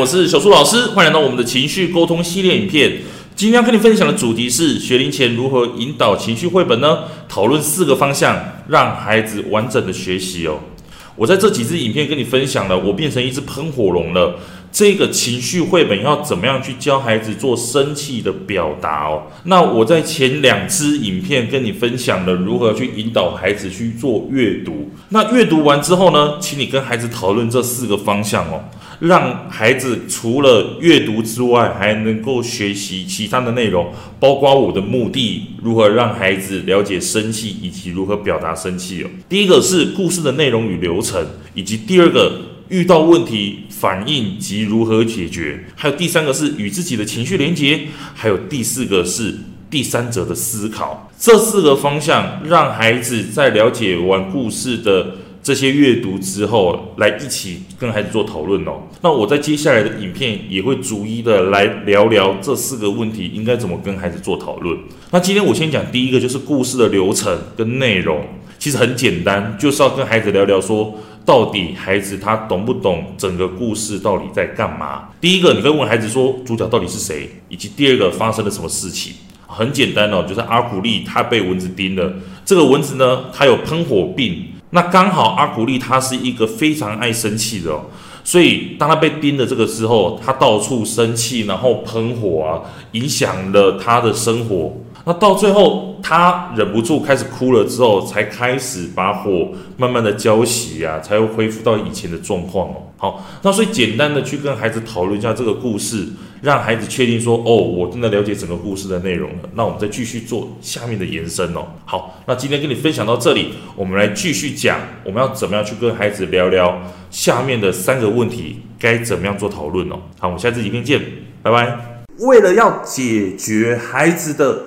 我是小樹老師，歡迎來到我們的情緒溝通系列影片。今天要跟你分享的主題是學齡前如何引導情緒繪本呢？討論四個方向，讓孩子完整的學習哦。我在這幾支影片跟你分享了，我變成一隻噴火龍了。這個情緒繪本要怎麼樣去教孩子做生氣的表達哦？那我在前兩支影片跟你分享了如何去引導孩子去做閱讀。那閱讀完之後呢，請你跟孩子討論這四個方向哦。讓孩子除了閱讀之外，還能夠學習其他的內容，包括我的目的：如何讓孩子了解生氣以及如何表達生氣哦。第一個是故事的內容與流程，以及第二個遇到問題反應及如何解決，還有第三個是與自己的情緒連結，還有第四個是第三者的思考。這四個方向讓孩子在了解完故事的。這些閱讀之後，來一起跟孩子做討論哦。那我在接下來的影片也會逐一的來聊聊這四個問題應該怎麼跟孩子做討論。那今天我先講第一個，就是故事的流程跟內容，其實很簡單，就是要跟孩子聊聊，說到底孩子他懂不懂整個故事到底在幹嘛？第一個，你會問孩子說主角到底是誰，以及第二個發生了什麼事情？很簡單哦，就是阿古麗他被蚊子叮了，這個蚊子呢，它有噴火病。那剛好阿古麗他是一個非常愛生氣的，哦，所以當他被盯了這個時候，他到處生氣，然後噴火啊，影響了他的生活。那到最後，他忍不住開始哭了，之後才開始把火慢慢的澆熄呀，才會恢復到以前的狀況哦。好，那所以簡單的去跟孩子討論一下這個故事，讓孩子確定說，哦，我真的了解整個故事的內容了。那我們再繼續做下面的延伸哦。好，那今天跟你分享到這裡，我們來繼續講，我們要怎麼樣去跟孩子聊聊下面的三個問題，該怎麼樣做討論哦。好，我們下次影片見，拜拜。為了要解決孩子的。